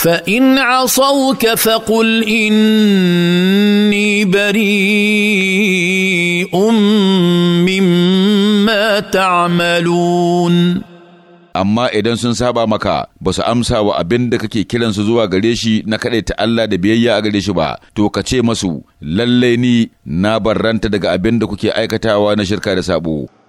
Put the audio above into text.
فان عصوك فقل اني بريء مما تعملون amma idan sun saba maka ba su amsa wa abin da kake kiransu zuwa gare shi na kaɗai ta Allah da biyayya a gare shi ba to ka ce masu lallai ni na barranta daga abin da kuke aikatawa na shirka da sabo